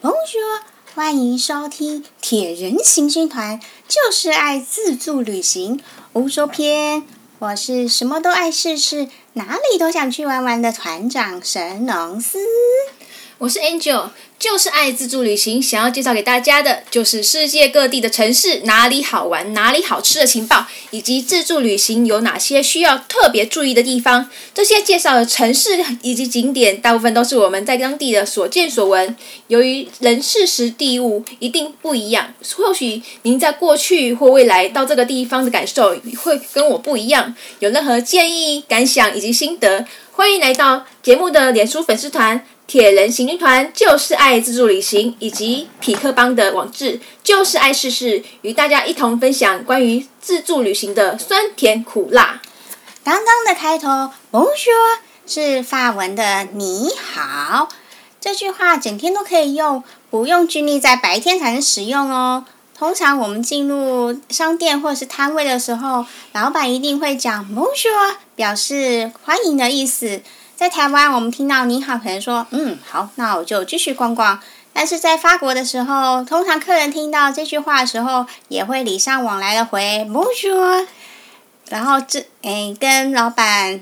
Bonjour，歡迎收聽《鐵人行軍團》，就是愛自助旅行歐洲篇。我是什麼都愛試試，哪裡都想去玩玩的團長神農司。我是 Angel，就是愛自助旅行。想要介紹給大家的，就是世界各地的城市哪裡好玩、哪裡好吃的情報，以及自助旅行有哪些需要特別注意的地方。這些介紹的城市以及景點，大部分都是我們在當地的所見所聞。由於人、事、時、地、物一定不一樣，或許您在過去或未來到這個地方的感受會跟我不一樣。有任何建議、感想以及心得，歡迎來到節目的臉書粉絲團。鐵人行軍團，就是愛自助旅行，以及痞客邦的網誌就是愛試試與大家一同分享關於自助旅行的酸甜苦辣。剛剛的開頭 Bonjour 是法文的你好，這句話整天都可以用，不用拘泥在白天才能使用哦。通常我們進入商店或是攤位的時候，老闆一定會講 Bonjour 表示歡迎的意思。在台灣，我們聽到你好，朋友說，嗯，好，那我就繼續逛逛。但是在法國的時候，通常客人聽到這句話的時候，也會禮尚往來的回 Bonjour，然後這、欸，跟老闆、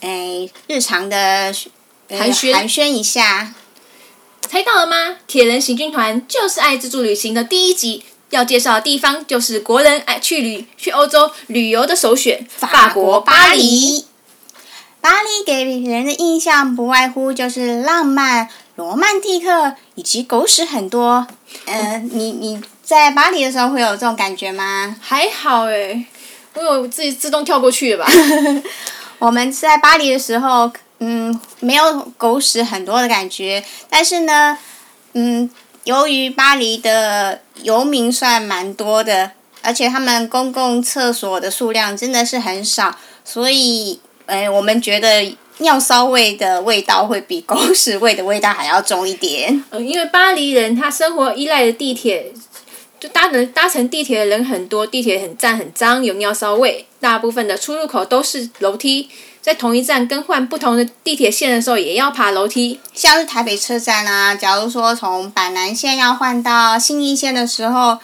欸，日常的寒暄寒暄一下。猜到了嗎？鐵人行軍團就是愛自助旅行的第一集要介紹的地方，就是國人愛去旅去歐洲旅遊的首選——法國巴黎。巴黎巴黎給人的印象不外乎就是浪漫、羅曼蒂克以及狗屎很多。嗯、呃，你你在巴黎的時候會有這種感覺嗎？還好誒，我有自己自動跳過去吧。 我們在巴黎的時候，嗯，沒有狗屎很多的感覺，但是呢，嗯，由於巴黎的遊民算蠻多的，而且他們公共廁所的數量真的是很少，所以。誒、哎，我們覺得尿騷味的味道會比狗屎味的味道還要重一點。嗯、呃，因為巴黎人他生活依賴的地鐵，就搭乘搭乘地鐵的人很多，地鐵很髒很髒，有尿騷味。大部分的出入口都是樓梯，在同一站更換不同的地鐵線的時候，也要爬樓梯。像是台北車站啊，假如說從板南線要換到信義線的時候。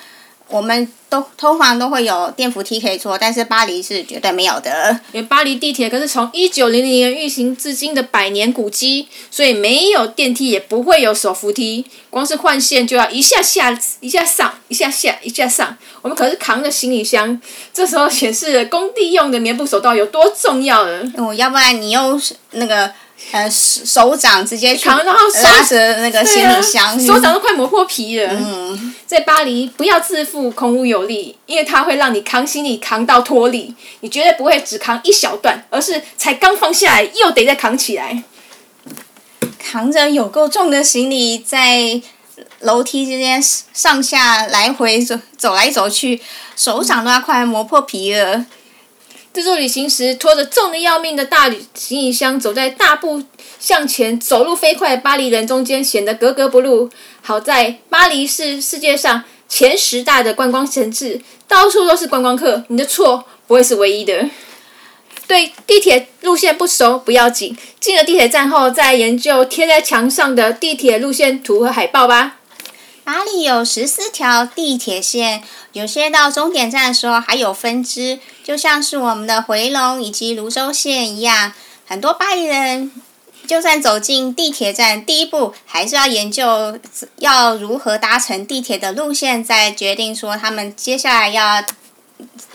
我們都通常都會有電扶梯可以坐，但是巴黎是絕對沒有的。因為巴黎地鐵，可是從一九零零年運行至今的百年古蹟，所以沒有電梯，也不會有手扶梯。光是換線就要一下下，一下上，一下下，一下上。我們可是扛着行李箱，這時候顯示工地用的棉布手套有多重要了。哦、嗯，要不然你用那個。呃，手手掌直接扛，然後拉着那個行李箱，手掌都快磨破皮了。嗯，在巴黎，不要自負，孔武有力，因為它會讓你扛行李扛到脫力，你絕對不會只扛一小段，而是才剛放下來又得再扛起來。扛着有夠重的行李，在樓梯之間上下來回走走來走去，手掌都要快磨破皮了。自助旅行時，拖着重的要命的大旅行箱，走在大步向前、走路飛快的巴黎人中間，顯得格格不入。好在巴黎是世界上前十大的觀光城市，到處都是觀光客，你的錯不會是唯一的。對地鐵路線不熟不要緊，進了地鐵站後，再研究貼在牆上的地鐵路線圖和海報吧。巴黎有十四條地鐵線，有些到終點站的時候還有分支，就像是我們的回龍以及蘆洲線一樣。很多巴黎人，就算走進地鐵站，第一步還是要研究要如何搭乘地鐵的路線，再決定說他們接下來要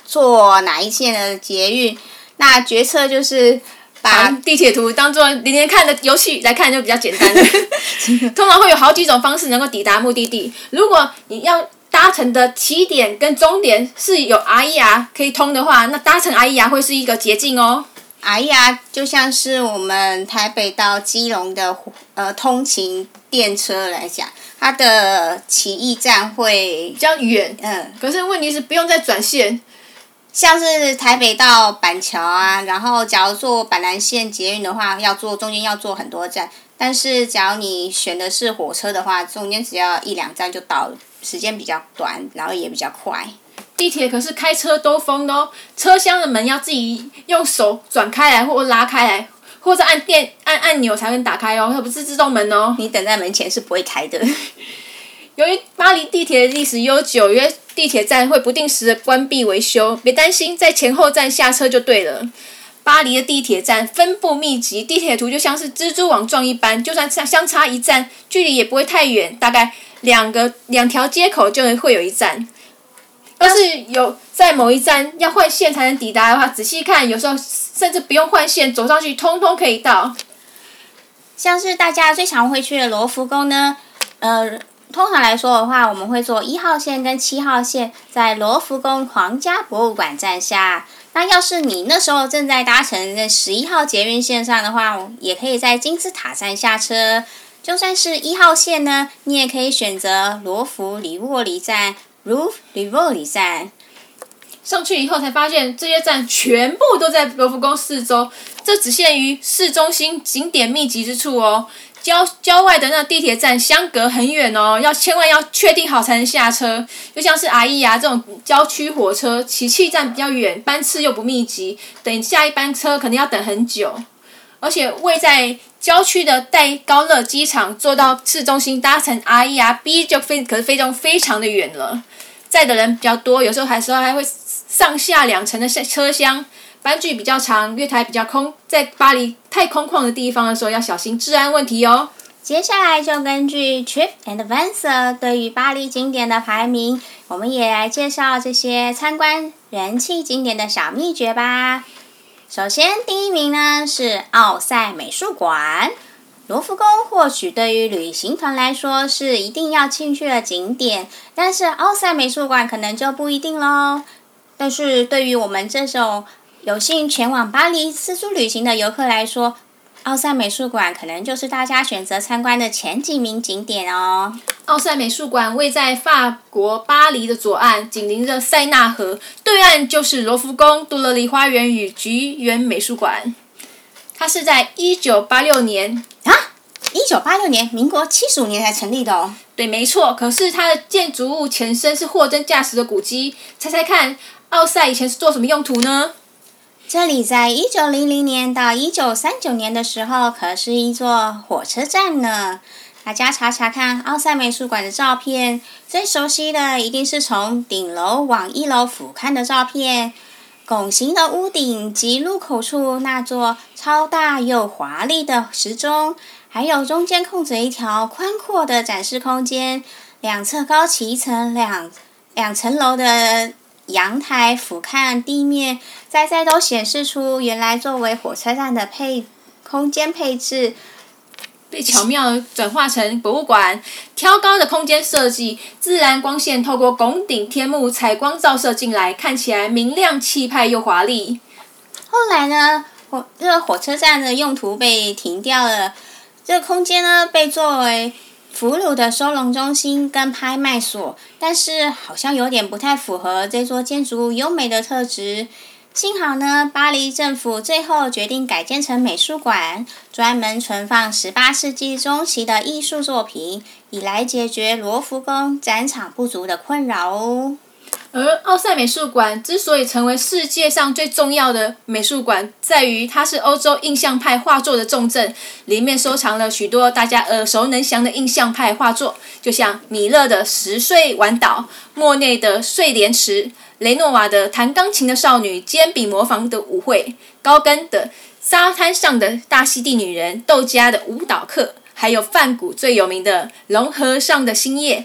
坐哪一線的捷運。那決策就是。把地鐵圖當做連連看的遊戲來看，就比較簡單。 通常會有好幾種方式能夠抵達目的地。如果你要搭乘的起點跟終點是有 RER 可以通的話，那搭乘 RER 會是一個捷徑哦。RER 就像是我們台北到基隆的呃通勤電車來講，它的起訖站會比較遠。嗯，可是問題是不用再轉線。像是台北到板橋啊，然後假如坐板南線捷運的話，要坐中間要坐很多站。但是假如你選的是火車的話，中間只要一兩站就到，時間比較短，然後也比較快。地鐵可是開車兜風的哦，車廂的門要自己用手轉開來，或拉開來，或者按電按按鈕才能打開哦，它不是自動門哦。你等在門前是不會開的。由於巴黎地鐵的歷史悠久，有些地鐵站會不定時的關閉維修，別擔心，在前後站下車就對了。巴黎的地鐵站分布密集，地鐵圖就像是蜘蛛網狀一般，就算相相差一站，距離也不會太遠，大概兩個兩條街口就會有一站。要是有在某一站要換線才能抵達的話，仔細看，有時候甚至不用換線，走上去通通可以到。像是大家最常會去的羅浮宮呢，呃。通常來說的話，我們會坐一號線跟七號線，在羅浮宮皇家博物館站下。那要是你那時候正在搭乘在十一號捷運線上的話，也可以在金字塔站下車。就算是一號線呢，你也可以選擇羅浮里沃里站 Roof 里沃里站。上去以後才發現，這些站全部都在羅浮宮四周，這只限於市中心景點密集之處哦。郊郊外的那地鐵站相隔很遠哦，要千萬要確定好才能下車。就像是 RER 這種郊區火車，起始站比較遠，班次又不密集，等下一班車肯定要等很久。而且位在郊區的戴高樂機場，坐到市中心搭乘 RER B 就飛，可是飛中非常的遠了，載的人比較多，有時候還時候還會上下兩層的車廂。班距比較長，月台比較空，在巴黎太空曠的地方的時候要小心治安問題哦。接下來就根據 TripAdvisor 對於巴黎景點的排名，我們也來介紹這些參觀人氣景點的小秘訣吧。首先，第一名呢是奧賽美術館。羅浮宮或許對於旅行團來說是一定要進去的景點，但是奧賽美術館可能就不一定嘍。但是對於我們這種有幸前往巴黎自助旅行的遊客來說，奧賽美術館可能就是大家選擇參觀的前幾名景點哦。奧賽美術館位在法國巴黎的左岸，緊鄰着塞納河，對岸就是羅浮宮、杜勒里花園與橘園美術館。它是在一九八六年啊，一九八六年，民國七十五年才成立的哦。對，沒錯。可是它的建築物前身是貨真價實的古蹟，猜猜看，奧賽以前是做什麼用途呢？這裡在一九零零年到一九三九年的時候，可是一座火車站呢、啊。大家查查看奧賽美術館的照片，最熟悉的一定是從頂樓往一樓俯瞰的照片。拱形的屋頂及入口處那座超大又華麗的時鐘，還有中間空着一條寬闊的展示空間，兩側高起一層兩兩層樓的。陽台俯瞰地面，在在都顯示出原來作為火車站的配空間配置被巧妙轉化成博物館。挑高的空間設計，自然光線透過拱頂天幕採光照射進來，看起來明亮氣派又華麗。後來呢，火這個、火車站的用途被停掉了，這個空間呢被作為。俘虜的收容中心跟拍賣所，但是好像有點不太符合這座建築物優美的特質。幸好呢，巴黎政府最後決定改建成美術館，專門存放十八世紀中期的藝術作品，以來解決羅浮宮展場不足的困擾哦。而奧賽美術館之所以成為世界上最重要的美術館，在於它是歐洲印象派畫作的重鎮，裡面收藏了許多大家耳熟能詳的印象派畫作，就像米勒的《拾穗、晚禱》，莫內的《睡蓮池》，雷諾瓦的《彈鋼琴的少女》，煎餅磨坊的舞會，高更的《沙灘上的大溪地女人》，竇加的《舞蹈課》，還有梵谷最有名的《隆河上的星夜》。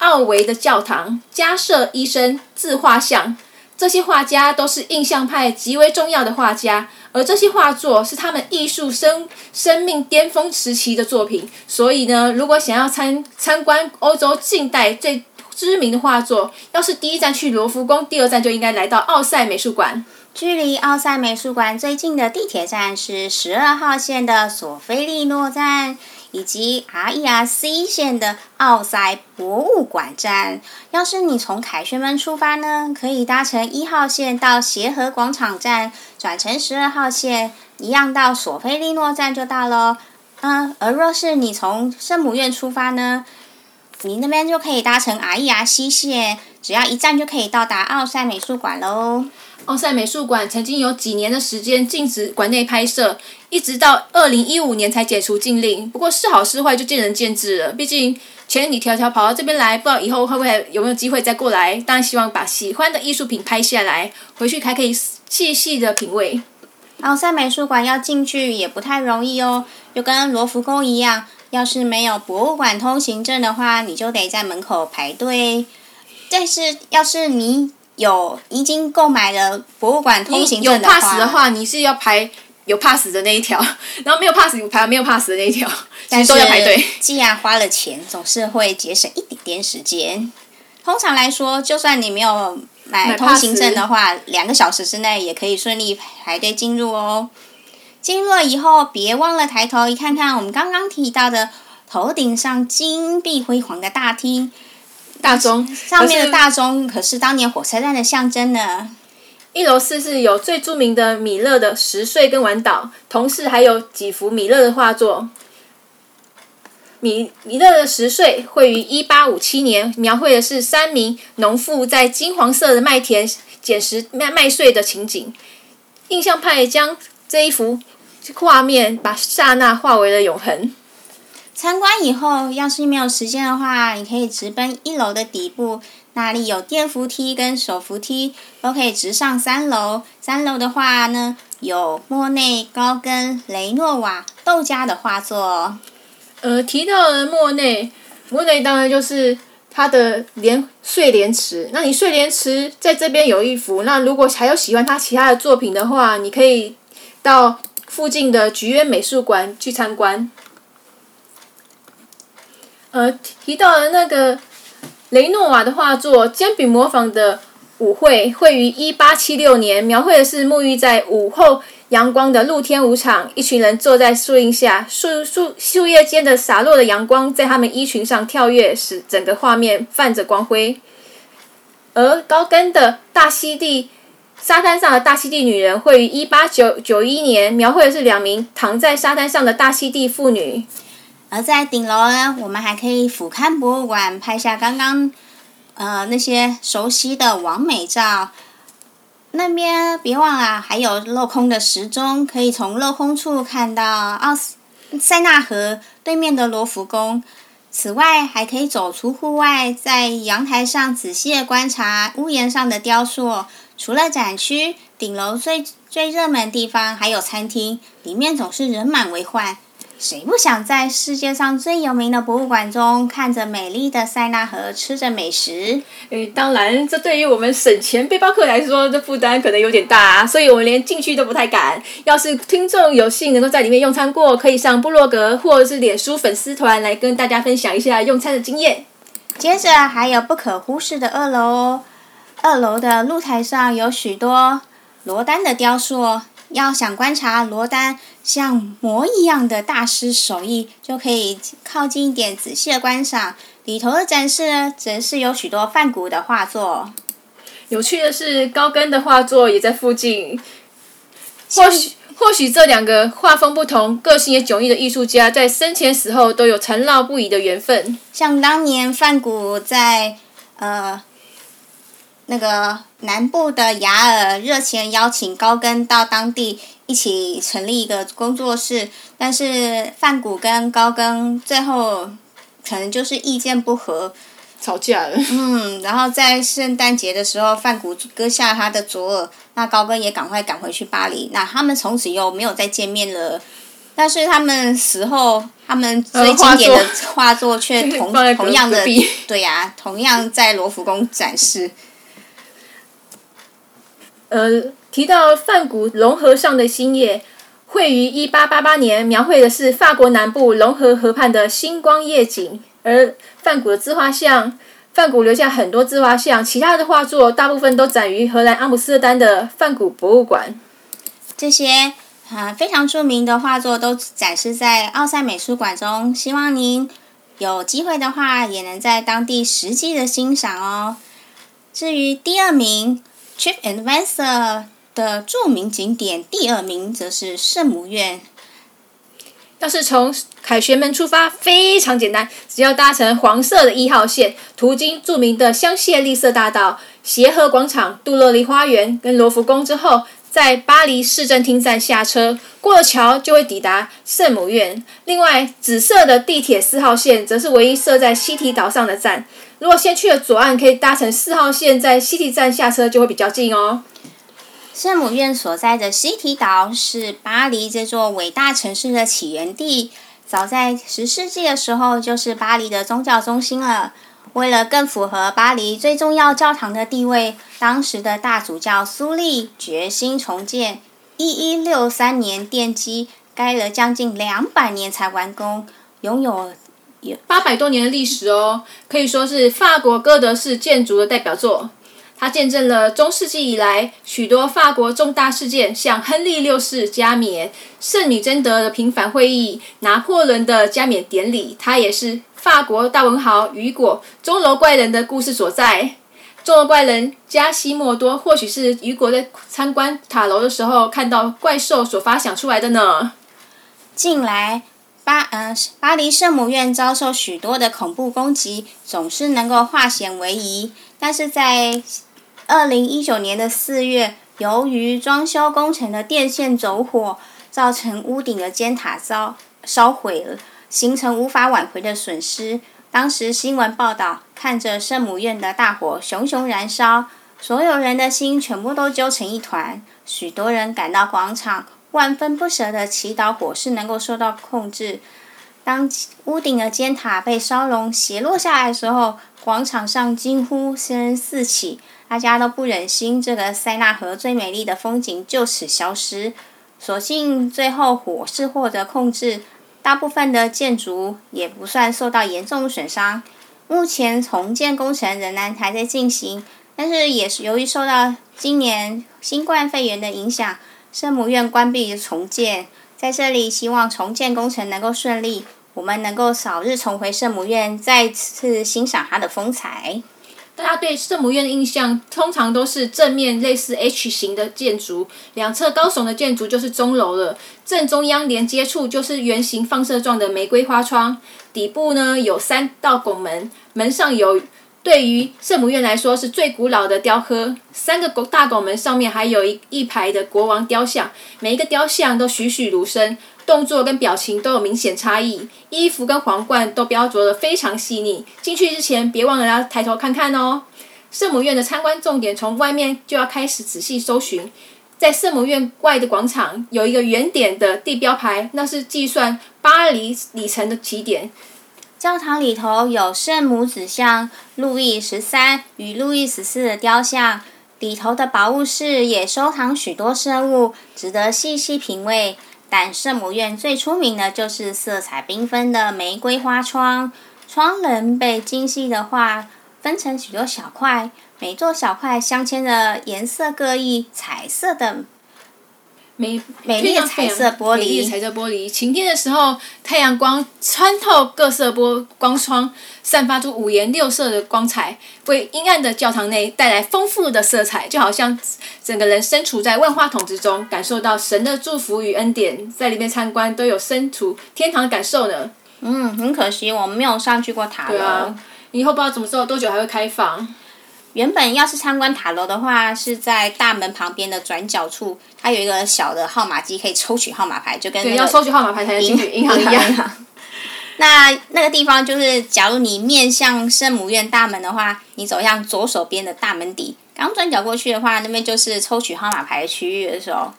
奧維的教堂、加舍醫生、自畫像，這些畫家都是印象派極為重要的畫家，而這些畫作是他們藝術生生命巔峰時期的作品。所以呢，如果想要參參觀歐洲近代最知名的畫作，要是第一站去羅浮宮，第二站就應該來到奧賽美術館。距離奧賽美術館最近的地鐵站是十二號線的索菲利諾站。以及 R E R C 線的奧賽博物館站，要是你從凱旋門出發呢，可以搭乘一號線到協和廣場站，轉乘十二號線，一樣到索菲利諾站就到嘍。嗯，而若是你從聖母院出發呢，你那邊就可以搭乘 R E R C 線，只要一站就可以到達奧賽美術館嘍。奧賽美術館曾經有幾年的時間禁止館內拍攝。一直到二零一五年才解除禁令，不過是好是壞就見仁見智了。畢竟千里迢迢跑到這邊來，不知道以後會不會有沒有機會再過來。當然希望把喜歡的藝術品拍下來，回去還可以細細的品味。奧賽美術館要進去也不太容易哦，就跟羅浮宮一樣，要是沒有博物館通行證的話，你就得在門口排隊。但是要是你有已經購買了博物館通行證的話，你有 pass 的話你是要排。有 pass 的那一條，然後沒有 pass 排，沒有 pass 的那一條，但是都要排隊。既然花了錢，總是會節省一點點時間。通常來說，就算你沒有買通行證的話，兩個小時之內也可以順利排隊進入哦。進入了以後，別忘了抬頭一看看我們剛剛提到的頭頂上金碧輝煌的大廳。大鐘，上面的大鐘可,可是當年火車站的象徵呢。一樓四室有最著名的米勒的《拾穗》跟《晚禱》，同時還有幾幅米勒的畫作。米米勒的《拾穗》繪於一八五七年，描繪的是三名農婦在金黃色的麥田撿拾麥麥穗的情景。印象派將這一幅畫面把剎那化為了永恆。參觀以後，要是你沒有時間的話，你可以直奔一樓的底部。那裡有電扶梯跟手扶梯都可以直上三樓。三樓的話呢，有莫內、高更、雷諾瓦、竇加的畫作。呃，提到了莫內，莫內當然就是他的連《連睡蓮池》。那《你睡蓮池》在這邊有一幅。那如果還有喜歡他其他的作品的話，你可以到附近的橘園美術館去參觀。呃，提到了那個。雷諾瓦的畫作《煎餅模仿的舞會》會於一八七六年描繪的是沐浴在午後陽光的露天舞場，一群人坐在樹蔭下，樹樹樹葉間的灑落的陽光在他們衣裙上跳躍，使整個畫面泛着光輝。而高更的大溪地沙灘上的大溪地女人會於一八九九一年描繪的是兩名躺在沙灘上的大溪地婦女。而在頂樓，呢，我們還可以俯瞰博物館，拍下剛剛，呃，那些熟悉的網美照。那邊別忘了還有鏤空的時鐘，可以從鏤空處看到奧斯塞納河對面的羅浮宮。此外，還可以走出戶外，在陽台上仔細的觀察屋檐上的雕塑。除了展區，頂樓最最熱門的地方還有餐廳，裡面總是人滿為患。誰不想在世界上最有名的博物館中，看着美麗的塞納河，吃着美食？誒，當然，這對於我們省錢背包客來說，這負擔可能有點大啊，所以我們連進去都不太敢。要是聽眾有幸能夠在裡面用餐過，可以上部落格或者是臉書粉絲團來跟大家分享一下用餐的經驗。接着還有不可忽視的二樓，二樓的露台上有許多羅丹的雕塑。要想觀察羅丹像魔一樣的大師手藝，就可以靠近一點仔細的觀賞。裡頭的展示呢，則是有許多梵谷的畫作。有趣的是，高更的畫作也在附近。或許，或許這兩個畫風不同、個性也迥異的藝術家，在生前死後都有纏繞不已的緣分。像當年梵谷在，呃。那個南部的雅爾熱情邀請高更到當地一起成立一個工作室，但是梵谷跟高更最後可能就是意見不合，吵架了。嗯，然後在聖誕節的時候，梵谷割下他的左耳，那高更也趕快趕回去巴黎，那他們從此又沒有再見面了。但是他們死後，他們最經典的畫作卻同、呃、畫作同，同樣的 對呀、啊，同樣在羅浮宮展示。呃，提到梵谷《龍河上的星夜》，繪於一八八八年，描繪的是法國南部龍河河畔的星光夜景。而梵谷的自畫像，梵谷留下很多自畫像，其他的畫作大部分都展於荷蘭阿姆斯特丹的梵谷博物館。這些啊、呃、非常著名的畫作都展示在奧賽美術館中，希望您有機會的話也能在當地實際的欣賞哦。至於第二名。Tripadvisor 的著名景點，第二名則是聖母院。要是從凱旋門出發，非常簡單，只要搭乘黃色的一號線，途經著名的香榭麗舍大道、協和廣場、杜樂麗花園跟羅浮宮之後，在巴黎市政廳站下車，過了橋就會抵達聖母院。另外，紫色的地鐵四號線則是唯一設在西堤島上的站。如果先去了左岸，可以搭乘四號線，在西堤站下車就會比較近哦。聖母院所在的西堤島是巴黎這座偉大城市的起源地，早在十世紀的時候就是巴黎的宗教中心了。為了更符合巴黎最重要教堂的地位，當時的大主教蘇利決心重建。一一六三年奠基，蓋了將近兩百年才完工，擁有。八、yeah. 百多年的歷史哦，可以說是法國哥德式建築的代表作。它見證了中世紀以來許多法國重大事件，像亨利六世加冕、聖女貞德的平反會議、拿破崙的加冕典禮。它也是法國大文豪雨果《鐘樓怪人》的故事所在。鐘樓怪人加西莫多，或許是雨果在參觀塔樓的時候看到怪獸所發想出來的呢。進來。巴嗯、呃，巴黎聖母院遭受許多的恐怖攻擊，總是能夠化險為夷。但是在二零一九年的四月，由於裝修工程的電線走火，造成屋頂的尖塔燒燒毀了，形成無法挽回的損失。當時新聞報道，看着聖母院的大火熊熊燃燒，所有人的心全部都揪成一團，許多人趕到廣場。萬分不捨地祈禱火勢能夠受到控制。當屋頂的尖塔被燒融斜落下來的時候，廣場上驚呼聲四起，大家都不忍心這個塞納河最美麗的風景就此消失。所幸最後火勢獲得控制，大部分的建築也不算受到嚴重損傷。目前重建工程仍然還在進行，但是也是由於受到今年新冠肺炎的影響。聖母院關閉重建，在這裡希望重建工程能夠順利，我們能夠早日重回聖母院，再次欣賞它的風采。大家對聖母院的印象通常都是正面類似 H 型的建築，兩側高聳的建築就是鐘樓了，正中央連接處就是圓形放射狀的玫瑰花窗，底部呢有三道拱門，門上有，對於聖母院來說是最古老的雕刻，三個大拱門上面還有一一排的國王雕像，每一個雕像都栩栩如生，動作跟表情都有明顯差異，衣服跟皇冠都雕琢得非常細膩。進去之前別忘了要抬頭看看哦。聖母院的參觀重點從外面就要開始仔細搜尋，在聖母院外的廣場有一個圓點的地標牌，那是計算巴黎里、里程的起點。教堂裡頭有聖母子像、路易十三與路易十四的雕像，裡頭的寶物室也收藏許多聖物，值得細細品味。但聖母院最出名的就是色彩繽紛的玫瑰花窗，窗稜被精細的畫分成許多小塊，每座小塊鑲嵌着顏色各異，彩色的。美美麗的，的，的彩色玻璃，美麗的彩色玻璃。晴天的時候，太陽光穿透各色玻璃窗，散發出五顏六色的光彩，為陰暗的教堂內帶來豐富的色彩，就好像整個人身處在萬花筒之中，感受到神的祝福與恩典。在裡面參觀都有身處天堂的感受呢。嗯，很可惜我們沒有上去過塔樓。啊，以後不知道什麼時候多久還會開放。原本要是參觀塔樓的話，是在大門旁邊的轉角處，它有一個小的號碼機，可以抽取號碼牌，就跟你要抽取號碼牌才能進去銀行一樣。 那那個地方就是，假如你面向聖母院大門的話，你走向左手邊的大門底，剛轉角過去的話，那邊就是抽取號碼牌的區域的時候。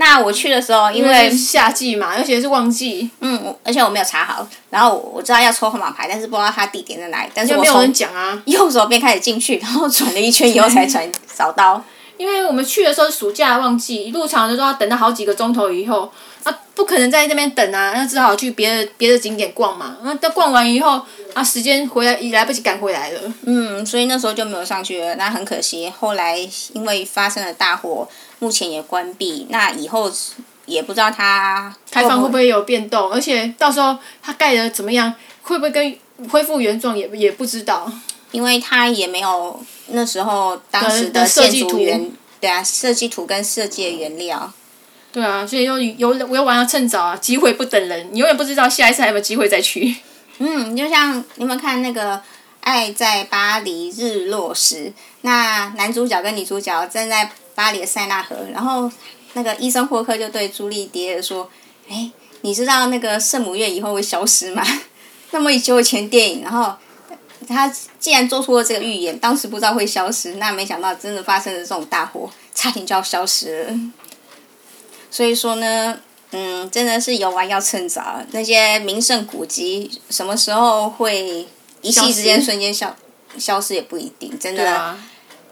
那我去的時候因、嗯，因為夏季嘛，而且是旺季。嗯，而且我沒有查好。然後我知道要抽號碼牌，但是不知道它地點在哪裡。但是沒有人講啊。右手邊開始進去，然後轉了一圈以後才轉 找到。因為我們去的時候是暑假旺季，入場的時候要等到好幾個鐘頭以後。啊，不可能在那邊等啊，那只好去別的別的景點逛嘛。那、啊、都逛完以後，啊，時間回來也來不及趕回來了。嗯，所以那時候就沒有上去了，那很可惜。後來因為發生了大火。目前也關閉，那以後也不知道它開放會不會有變動，而且到時候它蓋的怎麼樣，會不會跟恢復原狀也也不知道。因為它也沒有那時候當時的設計圖，對啊，設計圖跟設計的原料。對啊，所以要有我要玩要趁早啊，機會不等人，你永遠不知道下一次還有沒有機會再去。嗯，就像你們看那個《愛在巴黎日落時》，那男主角跟女主角正在。巴黎的塞納河，然後那個醫生霍克就對茱莉蝶兒說：“哎，你知道那個聖母院以後會消失嗎？”那麼久以前電影，然後他既然做出了這個預言，當時不知道會消失，那沒想到真的發生了這種大火，差點就要消失了。所以說呢，嗯，真的是遊玩要趁早，那些名勝古蹟什麼時候會一夕之間瞬間消消失，消失也不一定，真的。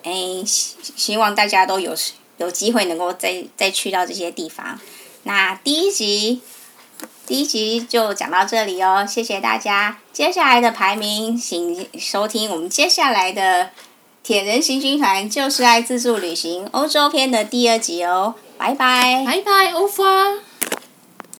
誒，希望大家都有有機會能夠再再去到這些地方。那第一集，第一集就講到這裡哦，謝謝大家。接下來的排名，請收聽我們接下來的《鐵人行軍團就是愛自助旅行歐洲篇》的第二集哦，拜拜，拜拜，歐